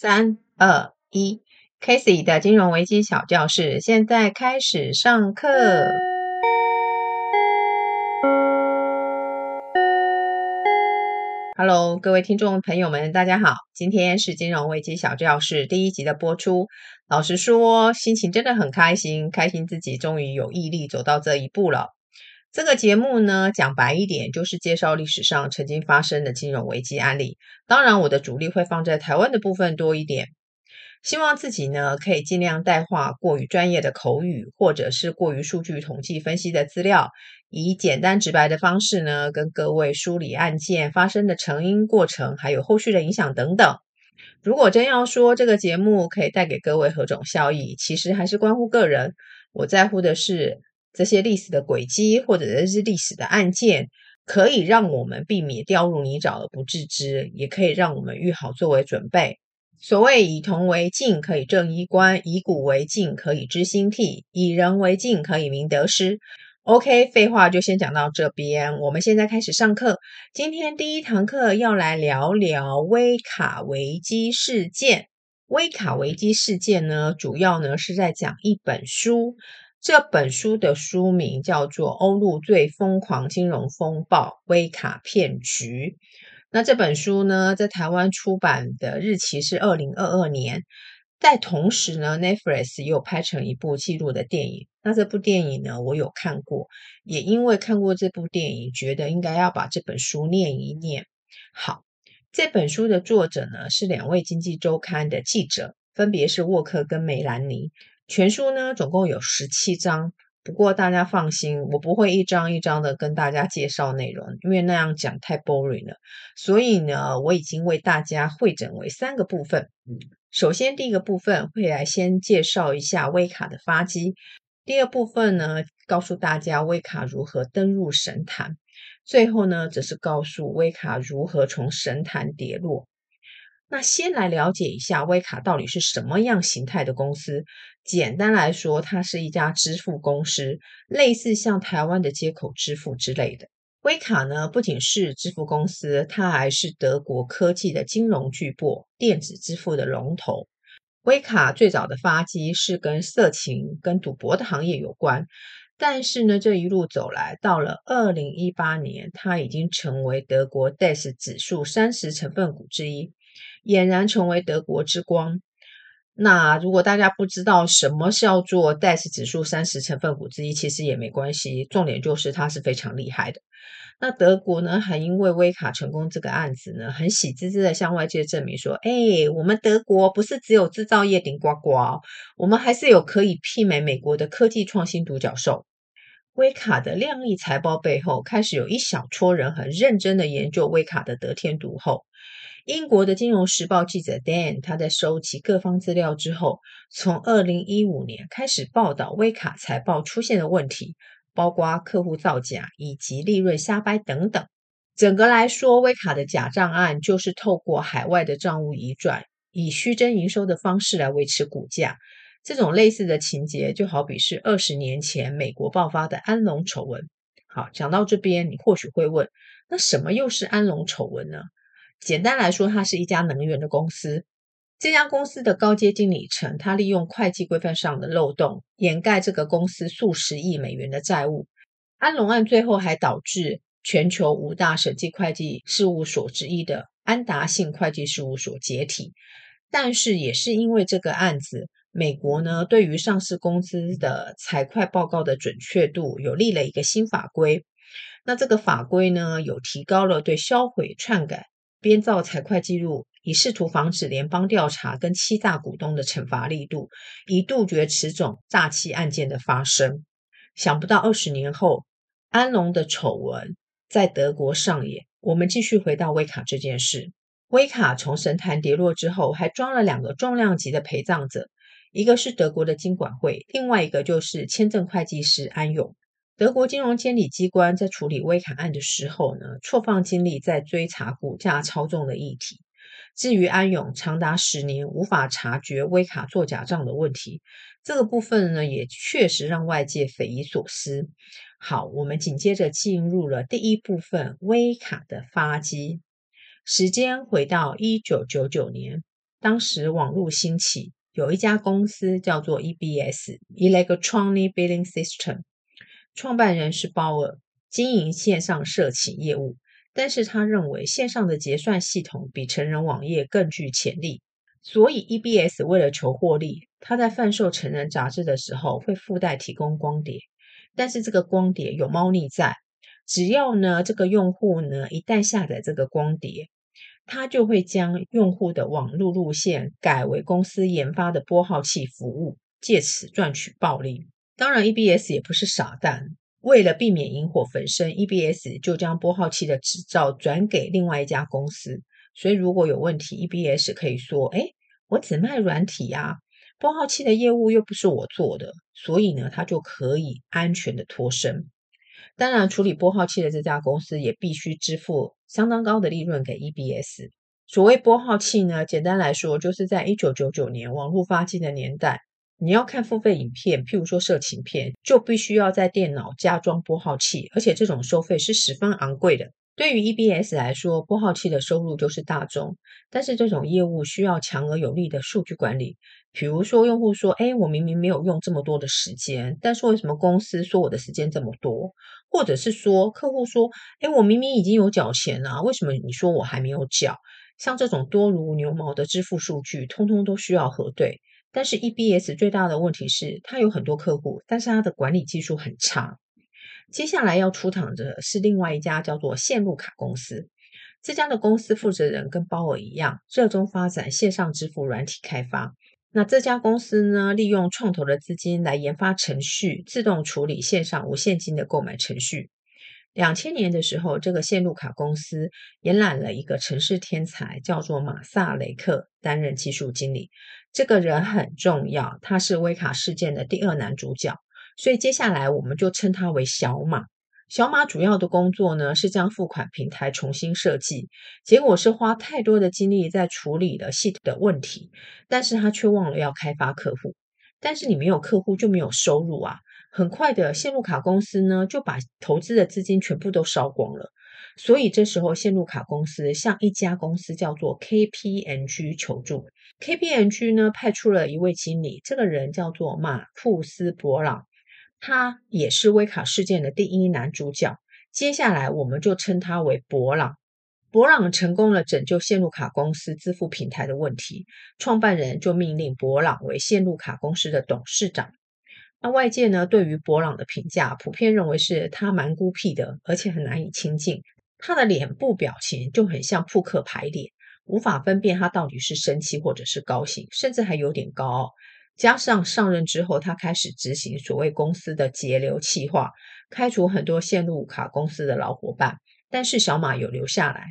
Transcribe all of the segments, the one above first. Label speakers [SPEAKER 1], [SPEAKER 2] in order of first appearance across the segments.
[SPEAKER 1] 三二一，Casey 的金融危機小教室現在開始上課。Hello，各位聽眾朋友們，大家好！今天是金融危機小教室第一集的播出。老實說，心情真的很開心，開心自己終於有毅力走到這一步了。這個節目呢，講白一點，就是介紹歷史上曾經發生的金融危機案例。當然，我的主力會放在台灣的部分多一點。希望自己呢，可以盡量淡化過於專業的口語，或者是過於數據統計分析的資料，以簡單直白的方式呢，跟各位梳理案件發生的成因過程，還有後續的影響等等。如果真要說這個節目可以帶給各位何種效益，其實還是關乎個人。我在乎的是。這些歷史的軌跡，或者這是歷史的案件，可以讓我們避免掉入泥沼而不自知，也可以讓我們預好作為準備。所謂以銅為鏡，可以正衣冠；以古為鏡，可以知興替；以人為鏡，可以明得失。OK，廢話就先講到這邊，我們現在開始上課。今天第一堂課要來聊聊威卡危機事件。威卡危機事件呢，主要呢是在講一本書。這本書的書名叫做《歐陸最瘋狂金融風暴：威卡騙局》。那這本書呢，在台灣出版的日期是二零二二年。在同時呢，Netflix 又拍成一部紀錄的電影。那這部電影呢，我有看過，也因為看過這部電影，覺得應該要把這本書念一念。好，這本書的作者呢，是兩位經濟周刊的記者，分別是沃克跟梅蘭尼。全書呢總共有十七章，不過大家放心，我不會一章一章的跟大家介紹內容，因為那樣講太 boring 了。所以呢，我已經為大家彙整為三個部分。嗯、首先，第一個部分會來先介紹一下威卡的發跡；第二部分呢，告訴大家威卡如何登入神壇；最後呢，則是告訴威卡如何從神壇跌落。那先來了解一下威卡到底是什麼樣形態的公司。簡單來說，它是一家支付公司，類似像台灣的街口支付之類的。威卡呢，不僅是支付公司，它還是德國科技的金融巨擘，電子支付的龍頭。威卡最早的發跡是跟色情、跟賭博的行業有關，但是呢，這一路走來，到了二零一八年，它已經成為德國 DAX 指數三十成分股之一。儼然成為德國之光。那如果大家不知道什麼叫做 DAX 指數三十成分股之一，其實也沒關係。重點就是它是非常厲害的。那德國呢，還因為威卡成功這個案子呢，很喜滋滋的向外界證明說：哎，我們德國不是只有製造業頂呱呱，我們還是有可以媲美美國的科技創新獨角獸。威卡的亮麗財報背後，開始有一小撮人很認真的研究威卡的得天獨厚。英國的金融時報記者 Dan，他在收集各方資料之後，從二零一五年開始報道威卡財報出現的問題，包括客戶造假以及利潤瞎掰等等。整個來說，威卡的假賬案就是透過海外的賬務移轉，以虛增營收的方式來維持股價。這種類似的情節，就好比是二十年前美國爆發的安隆醜聞。好，講到這邊，你或許會問，那什麼又是安隆醜聞呢？簡單來說，它是一家能源的公司。這家公司的高階經理層，他利用會計規範上的漏洞，掩蓋這個公司數十億美元的債務。安隆案最後還導致全球五大審計會計事務所之一的安達信會計事務所解體。但是，也是因為這個案子，美國呢對於上市公司的財會報告的準確度，有立了一個新法規。那這個法規呢，有提高了對銷毀、篡改。編造財會記錄，以試圖防止聯邦調查跟欺詐股東的懲罰力度，以杜絕此種詐欺案件的發生。想不到二十年後，安龍的醜聞在德國上演。我們繼續回到威卡這件事。威卡從神壇跌落之後，還裝了兩個重量級的陪葬者，一個是德國的經管會，另外一個就是簽證會計師安永。德國金融監理機關在處理威卡案的時候呢，錯放精力在追查股價操縱的議題。至於安永長達十年無法察覺威卡做假賬的問題，這個部分呢，也確實讓外界匪夷所思。好，我們緊接着進入了第一部分，威卡的發跡。時間回到一九九九年，當時網絡興起，有一家公司叫做 EBS（Electronic Billing System）。創辦人是鮑爾，經營線上色情業務，但是他認為線上的結算系統比成人網頁更具潛力，所以 EBS 為了求獲利，他在販售成人雜誌的時候會附帶提供光碟，但是這個光碟有貓膩在，只要呢這個用戶呢一旦下載這個光碟，他就會將用戶的網絡路線改為公司研發的撥號器服務，借此賺取暴利。當然，EBS 也不是傻蛋。為了避免引火焚身，EBS 就將撥號器的執照轉給另外一家公司。所以如果有問題，EBS 可以說：“哎，我只賣軟體呀、啊，撥號器的業務又不是我做的。”所以呢，它就可以安全的脫身。當然，處理撥號器的這家公司也必須支付相當高的利潤給 EBS。所謂撥號器呢，簡單來說，就是在一九九九年網絡發跡的年代。你要看付費影片，譬如說色情片，就必須要在電腦加裝撥號器，而且這種收費是十分昂貴的。對於 EBS 來說，撥號器的收入就是大宗，但是這種業務需要強而有力的數據管理。譬如說，用戶說：“哎，我明明沒有用這麼多的時間，但是為什麼公司說我的時間這麼多？”或者是說客戶說：“哎，我明明已經有繳錢了，為什麼你說我還沒有繳？”像這種多如牛毛的支付數據，通通都需要核對。但是 EBS 最大的問題是，它有很多客戶，但是它的管理技術很差。接下來要出場的是另外一家叫做線路卡公司。這家的公司負責人跟鮑爾一樣，熱衷發展線上支付軟體開發。那這家公司呢，利用創投的資金來研發程序，自動處理線上無現金的購買程序。兩千年的時候，這個線路卡公司延攬了一個程式天才，叫做馬薩雷克，擔任技術經理。這個人很重要，他是威卡事件的第二男主角，所以接下來我們就稱他為小馬。小馬主要的工作呢是將付款平台重新設計，結果是花太多的精力在處理了系統的問題，但是他卻忘了要開發客戶。但是你沒有客戶就沒有收入啊，很快的線路卡公司呢就把投資的資金全部都燒光了，所以這時候線路卡公司向一家公司叫做 KPMG 求助。KPMG 呢派出了一位經理，這個人叫做馬庫斯·伯朗，他也是威卡事件的第一男主角。接下來我們就稱他為伯朗。博朗成功了拯救線路卡公司支付平台的問題，創辦人就命令博朗為線路卡公司的董事長。那外界呢對於博朗的評價，普遍認為是他蠻孤僻的，而且很難以親近。他的臉部表情就很像撲克牌臉。無法分辨他到底是生氣或者是高興，甚至還有點高傲。加上上任之後，他開始執行所謂公司的節流計劃，開除很多威卡公司的老夥伴。但是小馬有留下來，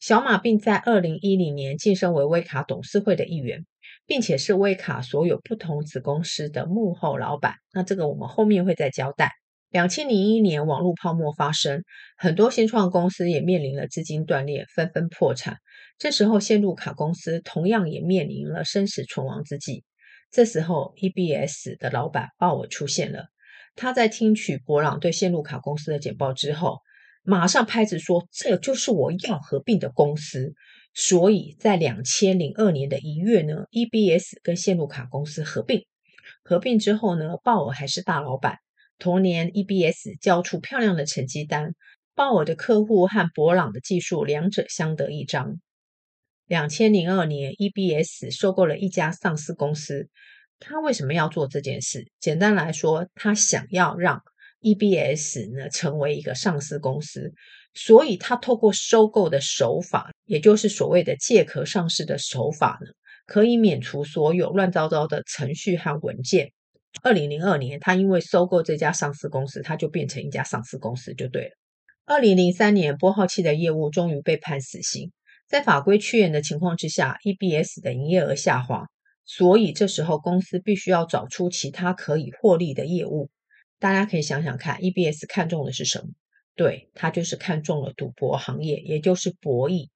[SPEAKER 1] 小馬並在二零一零年晉升為威卡董事會的一員，並且是威卡所有不同子公司的幕後老闆。那這個我們後面會再交代。兩千零一年網絡泡沫發生，很多新創公司也面臨了資金斷裂，紛紛破產。這時候，線路卡公司同樣也面臨了生死存亡之際。這時候，EBS 的老闆鮑爾出現了。他在聽取博朗對線路卡公司的簡報之後，馬上拍着說：“這就是我要合併的公司。”所以，在兩千零二年的一月呢，EBS 跟線路卡公司合併。合併之後呢，鮑爾還是大老闆。同年，EBS 交出漂亮的成績單。鮑爾的客戶和博朗的技術兩者相得益彰。兩千零二年，EBS 收購了一家上市公司。他為什麼要做這件事？簡單來說，他想要讓 EBS 呢成為一個上市公司，所以他透過收購的手法，也就是所謂的借殼上市的手法呢，可以免除所有亂糟糟的程序和文件。二零零二年，他因為收購這家上市公司，他就變成一家上市公司就對了。二零零三年，撥號器的業務終於被判死刑。在法規趨嚴的情況之下，EBS 的營業額下滑，所以這時候公司必須要找出其他可以獲利的業務。大家可以想想看，EBS 看中的是什麼？對，他就是看中了賭博行業，也就是博弈。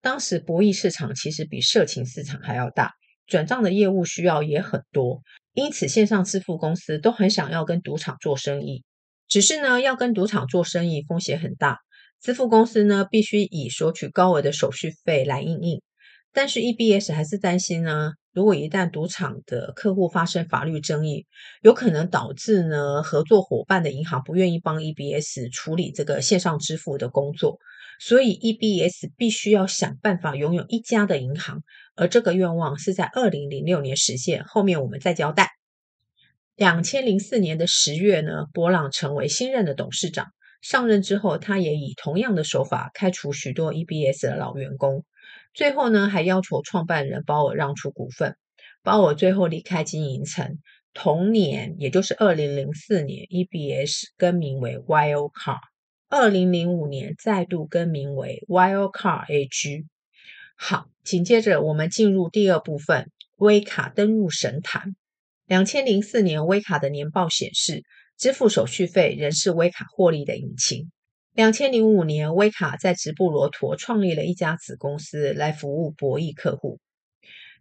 [SPEAKER 1] 當時博弈市場其實比色情市場還要大，轉賬的業務需要也很多，因此線上支付公司都很想要跟賭場做生意。只是呢，要跟賭場做生意風險很大。支付公司呢，必須以收取高額的手續費來營運。但是 EBS 還是擔心呢，如果一旦賭場的客戶發生法律爭議，有可能導致呢合作夥伴的銀行不願意幫 EBS 處理這個線上支付的工作。所以 EBS 必須要想辦法擁有一家的銀行，而這個願望是在二零零六年實現，後面我們再交代。兩千零四年的十月呢，波朗成為新任的董事長。上任之後，他也以同樣的手法開除許多 EBS 的老員工，最後呢，還要求創辦人幫我讓出股份，幫我最後離開經營層。同年，也就是二零零四年，EBS 更名為 Wirecard，二零零五年再度更名為 Wirecard AG。好，緊接着我們進入第二部分，威卡登入神壇。兩千零四年，威卡的年報顯示。支付手續費仍是威卡獲利的引擎。兩千零五年，威卡在直布羅陀創立了一家子公司來服務博弈客戶。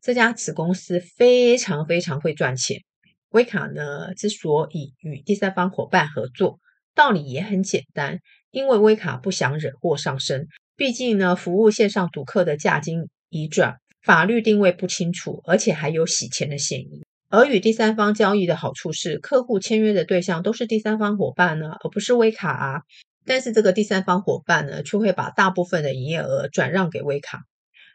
[SPEAKER 1] 這家子公司非常非常會賺錢。威卡呢，之所以與第三方夥伴合作，道理也很簡單，因為威卡不想惹禍上身。畢竟呢，服務線上賭客的價金已轉，法律定位不清楚，而且還有洗錢的嫌疑。而與第三方交易的好處是，客戶簽約的對象都是第三方夥伴呢，而不是威卡啊。但是這個第三方夥伴呢，卻會把大部分的營業額轉讓給威卡。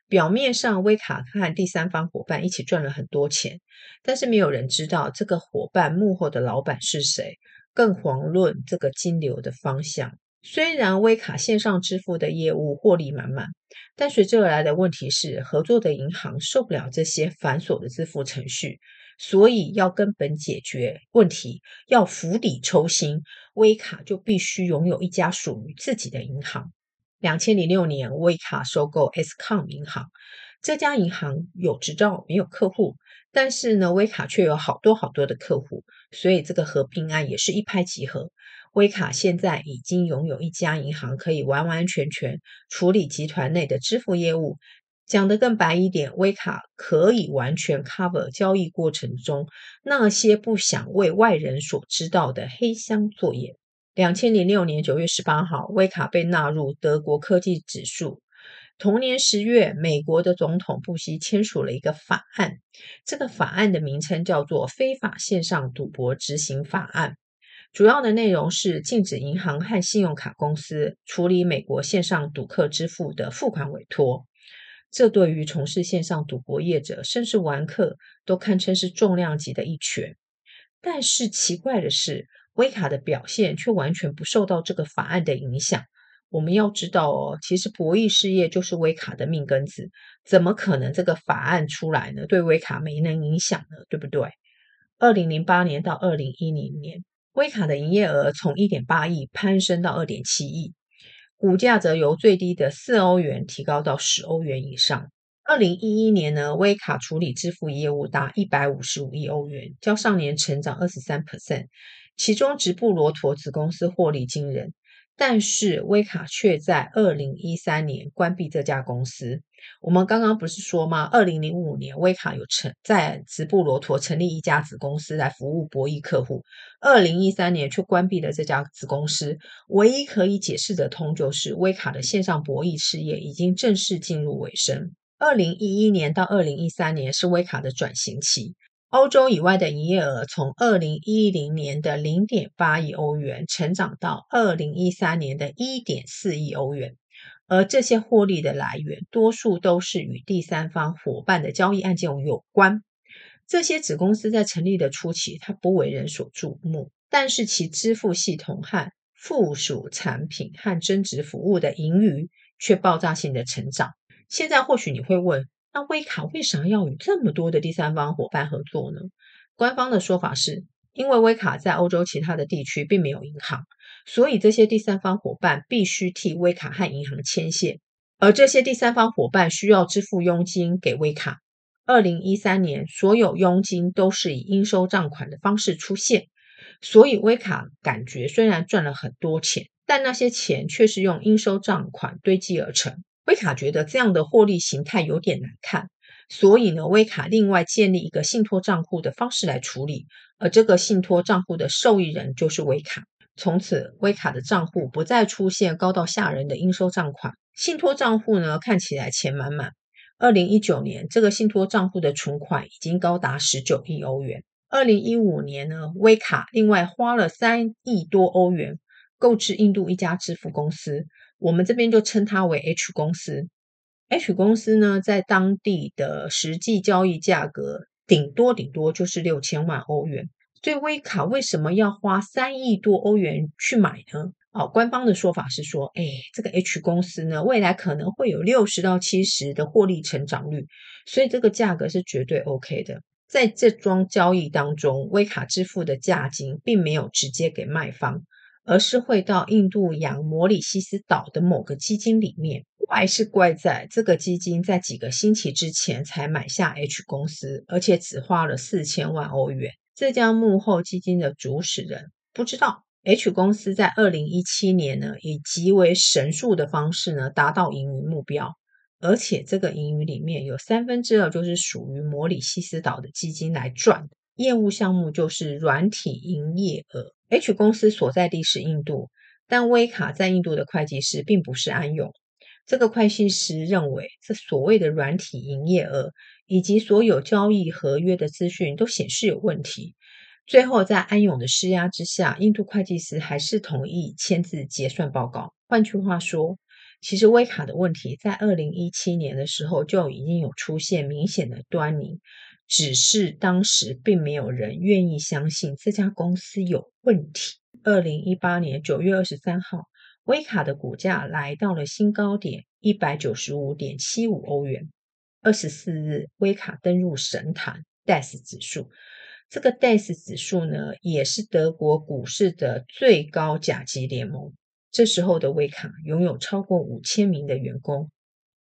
[SPEAKER 1] 表面上，威卡和第三方夥伴一起賺了很多錢，但是沒有人知道這個夥伴幕後的老闆是誰，更遑論這個金流的方向。雖然威卡線上支付的業務獲利滿滿，但隨之而來的問題是，合作的銀行受不了這些繁瑣的支付程序。所以要根本解決問題，要釜底抽薪，威卡就必須擁有一家屬於自己的銀行。兩千零六年，威卡收購 Scom 銀行，這家銀行有執照，沒有客戶，但是呢，威卡卻有好多好多的客戶，所以這個合併案也是一拍即合。威卡現在已經擁有一家銀行，可以完完全全處理集團內的支付業務。講得更白一點，威卡可以完全 cover 交易過程中那些不想為外人所知道的黑箱作業。兩千零六年九月十八號，威卡被納入德國科技指數。同年十月，美國的總統布希簽署了一個法案，這個法案的名稱叫做《非法線上賭博執行法案》。主要的內容是禁止銀行和信用卡公司處理美國線上賭客支付的付款委托。這對於從事線上賭博業者，甚至玩客，都堪稱是重量級的一拳。但是奇怪的是，威卡的表現卻完全不受到這個法案的影響。我們要知道哦，其實博弈事業就是威卡的命根子，怎麼可能這個法案出來呢？對威卡沒能影響呢？對不對？二零零八年到二零一零年，威卡的營業額從一點八億攀升到二點七億。股價則由最低的四歐元提高到十歐元以上。二零一一年呢，威卡處理支付業務達一百五十五億歐元，較上年成長二十三 percent，其中直布羅陀子公司獲利驚人。但是威卡卻在二零一三年關閉這家公司。我們剛剛不是說嗎？二零零五年威卡有成在直布羅陀成立一家子公司來服務博弈客戶，二零一三年卻關閉了這家子公司。唯一可以解釋得通就是威卡的線上博弈事業已經正式進入尾聲。二零一一年到二零一三年是威卡的轉型期。歐洲以外的營業額從二零一零年的零點八億歐元成長到二零一三年的一點四億歐元，而這些獲利的來源，多數都是與第三方夥伴的交易案件有關。這些子公司在成立的初期，它不為人所注目，但是其支付系統和附屬產品和增值服務的盈餘卻爆炸性的成長。現在或許你會問。那威卡為啥要與這麼多的第三方夥伴合作呢？官方的說法是因為威卡在歐洲其他的地區並沒有銀行，所以這些第三方夥伴必須替威卡和銀行牽線，而這些第三方夥伴需要支付佣金給威卡。二零一三年，所有佣金都是以應收賬款的方式出現，所以威卡感覺雖然賺了很多錢，但那些錢卻是用應收賬款堆積而成。威卡覺得這樣的獲利形態有點難看，所以呢，威卡另外建立一個信託賬戶的方式來處理，而這個信託賬戶的受益人就是威卡。從此，威卡的賬戶不再出現高到嚇人的應收賬款。信託賬戶呢，看起來錢滿滿。二零一九年，這個信託賬戶的存款已經高達十九億歐元。二零一五年呢，威卡另外花了三億多歐元購置印度一家支付公司。我們這邊就稱它為 H 公司。H 公司呢，在當地的實際交易價格頂多頂多，就是六千萬歐元。所以威卡為什麼要花三億多歐元去買呢？哦，官方的說法是說，哎，這個 H 公司呢，未來可能會有六十到七十的獲利成長率，所以這個價格是絕對 OK 的。在這樁交易當中，威卡支付的價金並沒有直接給賣方。而是會到印度洋摩里西斯島的某個基金裡面。怪是怪在這個基金在幾個星期之前才買下 H 公司，而且只花了四千萬歐元。這家幕後基金的主使人不知道。H 公司在二零一七年呢，以極為神速的方式呢，達到盈餘目標，而且這個盈餘裡面有三分之二就是屬於摩里西斯島的基金來賺的。業務項目就是軟體營業額。H 公司所在地是印度，但威卡在印度的會計師並不是安永。這個會計師認為，這所謂的軟體營業額以及所有交易合約的資訊都顯示有問題。最後，在安永的施壓之下，印度會計師還是同意簽字結算報告。換句話說，其實威卡的問題在二零一七年的時候就已經有出現明顯的端倪。只是當時並沒有人願意相信這家公司有問題。二零一八年九月二十三號，威卡的股價來到了新高點一百九十五點七五歐元。二十四日，威卡登入神壇 DAX 指數。這個 DAX 指數呢，也是德國股市的最高甲級聯盟。這時候的威卡擁有超過五千名的員工，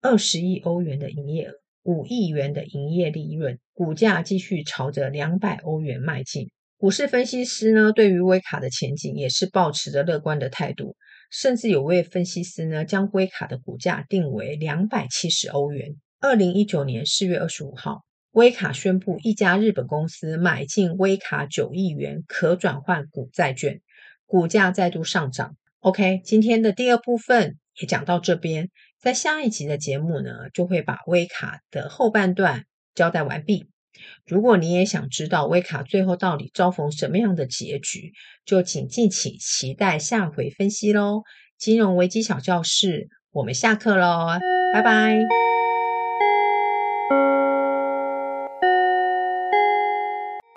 [SPEAKER 1] 二十億歐元的營業額。五億元的營業利潤，股價繼續朝着兩百歐元邁進。股市分析師呢，對於威卡的前景也是抱持着樂觀的態度，甚至有位分析師呢，將威卡的股價定為兩百七十歐元。二零一九年四月二十五號，威卡宣布一家日本公司買進威卡九億元可轉換股債券，股價再度上漲。OK，今天的第二部分也講到這邊。在下一集的節目呢，就會把威卡的後半段交代完畢。如果你也想知道威卡最後到底遭逢什麼樣的結局，就請敬請期待下回分析嘍。金融危機小教室，我們下課嘍，拜拜。